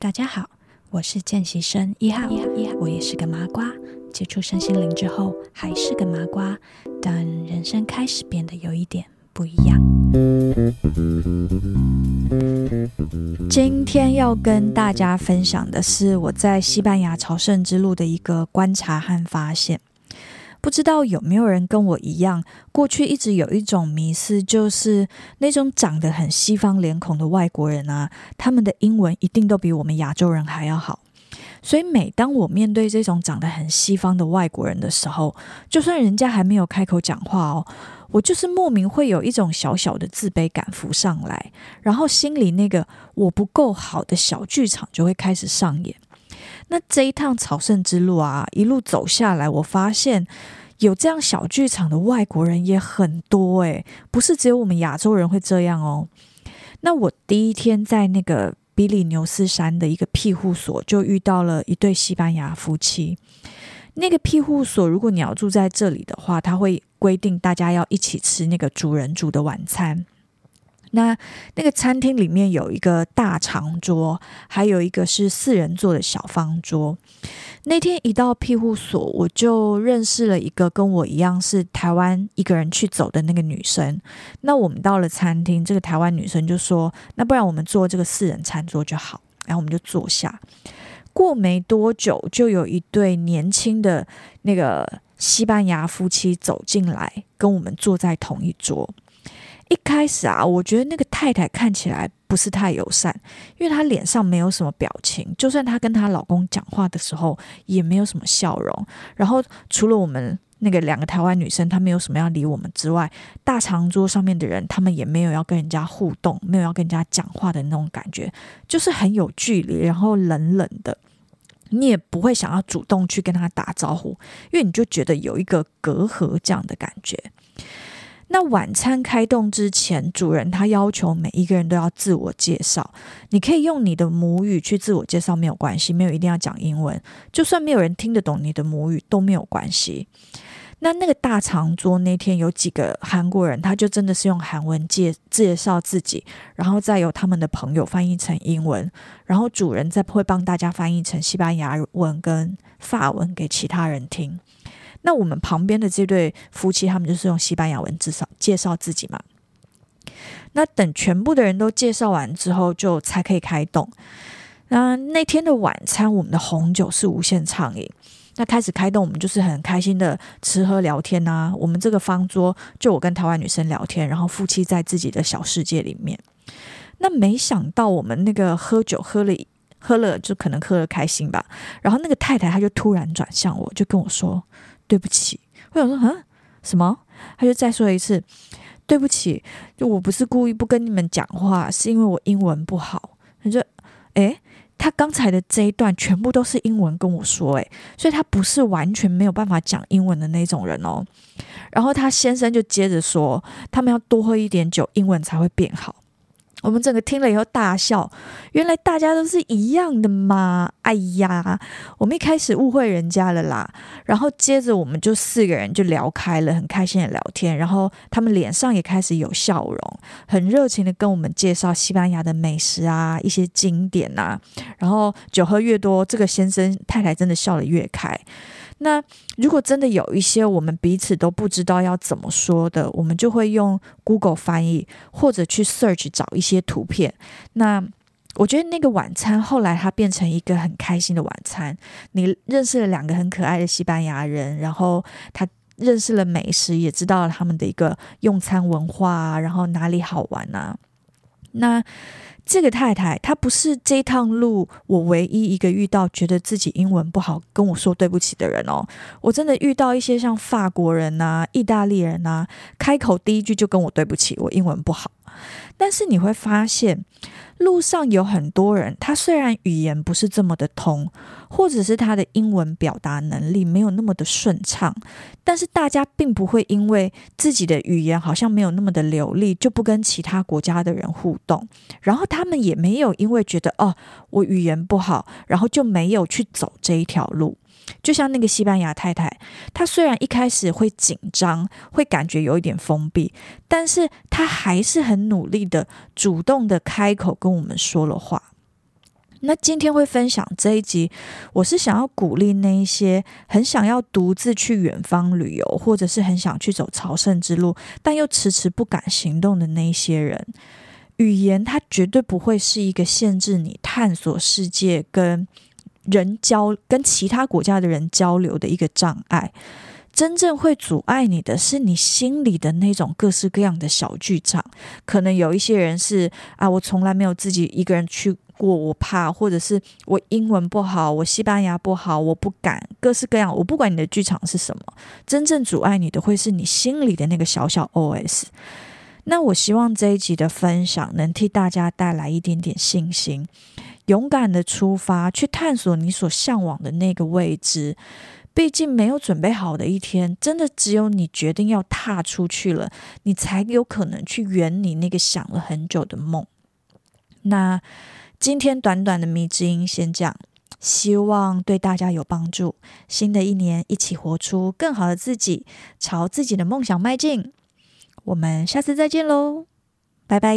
大家好，我是見習生一號一號，一號，我也是個麻瓜。接觸身心靈之後，還是個麻瓜，但人生開始變得有一點不一樣。今天要跟大家分享的是我在西班牙朝聖之路的一個觀察和發現。不知道有沒有人跟我一樣，過去一直有一種迷思，就是那種長得很西方臉孔的外國人啊，他們的英文一定都比我們亞洲人還要好。所以每當我面對這種長得很西方的外國人的時候，就算人家還沒有開口講話哦，我就是莫名會有一種小小的自卑感浮上來，然後心裡那個我不夠好的小劇場就會開始上演。那這一趟朝聖之路啊，一路走下來我發現，有這樣小劇場的外國人也很多哎、欸，不是只有我們亞洲人會這樣哦。那我第一天在那個比利牛斯山的一個庇護所，就遇到了一對西班牙夫妻。那個庇護所，如果你要住在這裡的話，它會規定大家要一起吃那個主人煮的晚餐。那那個餐廳裡面有一個大長桌，還有一個是四人座的小方桌。那天一到庇護所，我就認識了一個跟我一樣是台灣一個人去走的那個女生。那我們到了餐廳，這個台灣女生就說：“那不然我們坐這個四人餐桌就好。”然後我們就坐下。過沒多久，就有一對年輕的那個西班牙夫妻走進來，跟我們坐在同一桌。一開始啊，我覺得那個太太看起來不是太友善，因為她臉上沒有什麼表情，就算她跟她老公講話的時候也沒有什麼笑容。然後除了我們那個兩個台灣女生，她沒有什麼要理我們之外，大長桌上面的人，他們也沒有要跟人家互動，沒有要跟人家講話的那種感覺，就是很有距離，然後冷冷的，你也不會想要主動去跟他打招呼，因為你就覺得有一個隔閡這樣的感覺。那晚餐開動之前，主人他要求每一個人都要自我介紹。你可以用你的母語去自我介紹，沒有關係，沒有一定要講英文。就算沒有人聽得懂你的母語，都沒有關係。那那個大長桌那天，有幾個韓國人，他就真的是用韓文介介紹自己，然後再由他們的朋友翻譯成英文，然後主人再會幫大家翻譯成西班牙文跟法文給其他人聽。那我們旁邊的這對夫妻，他們就是用西班牙文字介紹自己嘛。那等全部的人都介紹完之後，就才可以開動。那那天的晚餐，我們的紅酒是無限暢飲。那開始開動，我們就是很開心的吃喝聊天啊。我們這個方桌，就我跟台灣女生聊天，然後夫妻在自己的小世界裡面。那沒想到我們那個喝酒喝了喝了，就可能喝了開心吧。然後那個太太，她就突然轉向我，就跟我說。對不起，我想說啊，什麼？他就再說一次，對不起，就我不是故意不跟你們講話，是因為我英文不好。他就哎，他剛才的這一段全部都是英文跟我說，欸，誒，所以他不是完全沒有辦法講英文的那種人哦。然後他先生就接着說，他們要多喝一點酒，英文才會變好。我們整個聽了以後大笑，原來大家都是一樣的嘛！哎呀，我們一開始誤會人家了啦。然後接着我們就四個人就聊開了，很開心的聊天。然後他們臉上也開始有笑容，很熱情的跟我們介紹西班牙的美食啊，一些經典啊。然後酒喝越多，這個先生太太真的笑得越開。那如果真的有一些我們彼此都不知道要怎麼說的，我們就會用 Google 翻譯或者去 search 找一些圖片。那我覺得那個晚餐後來它變成一個很開心的晚餐。你認識了兩個很可愛的西班牙人，然後他認識了美食，也知道了他們的一個用餐文化啊，然後哪裡好玩呢啊？那。這個太太，她不是這趟路我唯一一個遇到覺得自己英文不好跟我說對不起的人哦。我真的遇到一些像法國人吶、啊、意大利人啊，開口第一句就跟我對不起，我英文不好。但是你會發現，路上有很多人，他雖然語言不是這麼的通，或者是他的英文表達能力沒有那麼的順暢，但是大家並不會因為自己的語言好像沒有那麼的流利，就不跟其他國家的人互動。然後他他們也沒有因為覺得，哦，我語言不好，然後就沒有去走這一條路。就像那個西班牙太太，她雖然一開始會緊張，會感覺有一點封閉，但是她還是很努力的主動的開口跟我們說了話。那今天會分享這一集，我是想要鼓勵那一些很想要獨自去遠方旅遊，或者是很想去走朝聖之路，但又遲遲不敢行動的那一些人。語言它絕對不會是一個限制你探索世界、跟人交、跟其他國家的人交流的一個障礙。真正會阻礙你的是你心裡的那種各式各樣的小劇場。可能有一些人是啊，我從來沒有自己一個人去過，我怕；或者是我英文不好，我西班牙文不好，我不敢。各式各樣，我不管你的劇場是什麼，真正阻礙你的會是你心裡的那個小小 OS。那我希望這一集的分享能替大家帶來一點點信心，勇敢的出發去探索你所向往的那個位置。畢竟沒有準備好的一天，真的只有你決定要踏出去了，你才有可能去圓你那個想了很久的夢。那今天短短的迷之音先講，希望對大家有幫助。新的一年，一起活出更好的自己，朝自己的夢想邁進。我們下次再見嘍，拜拜。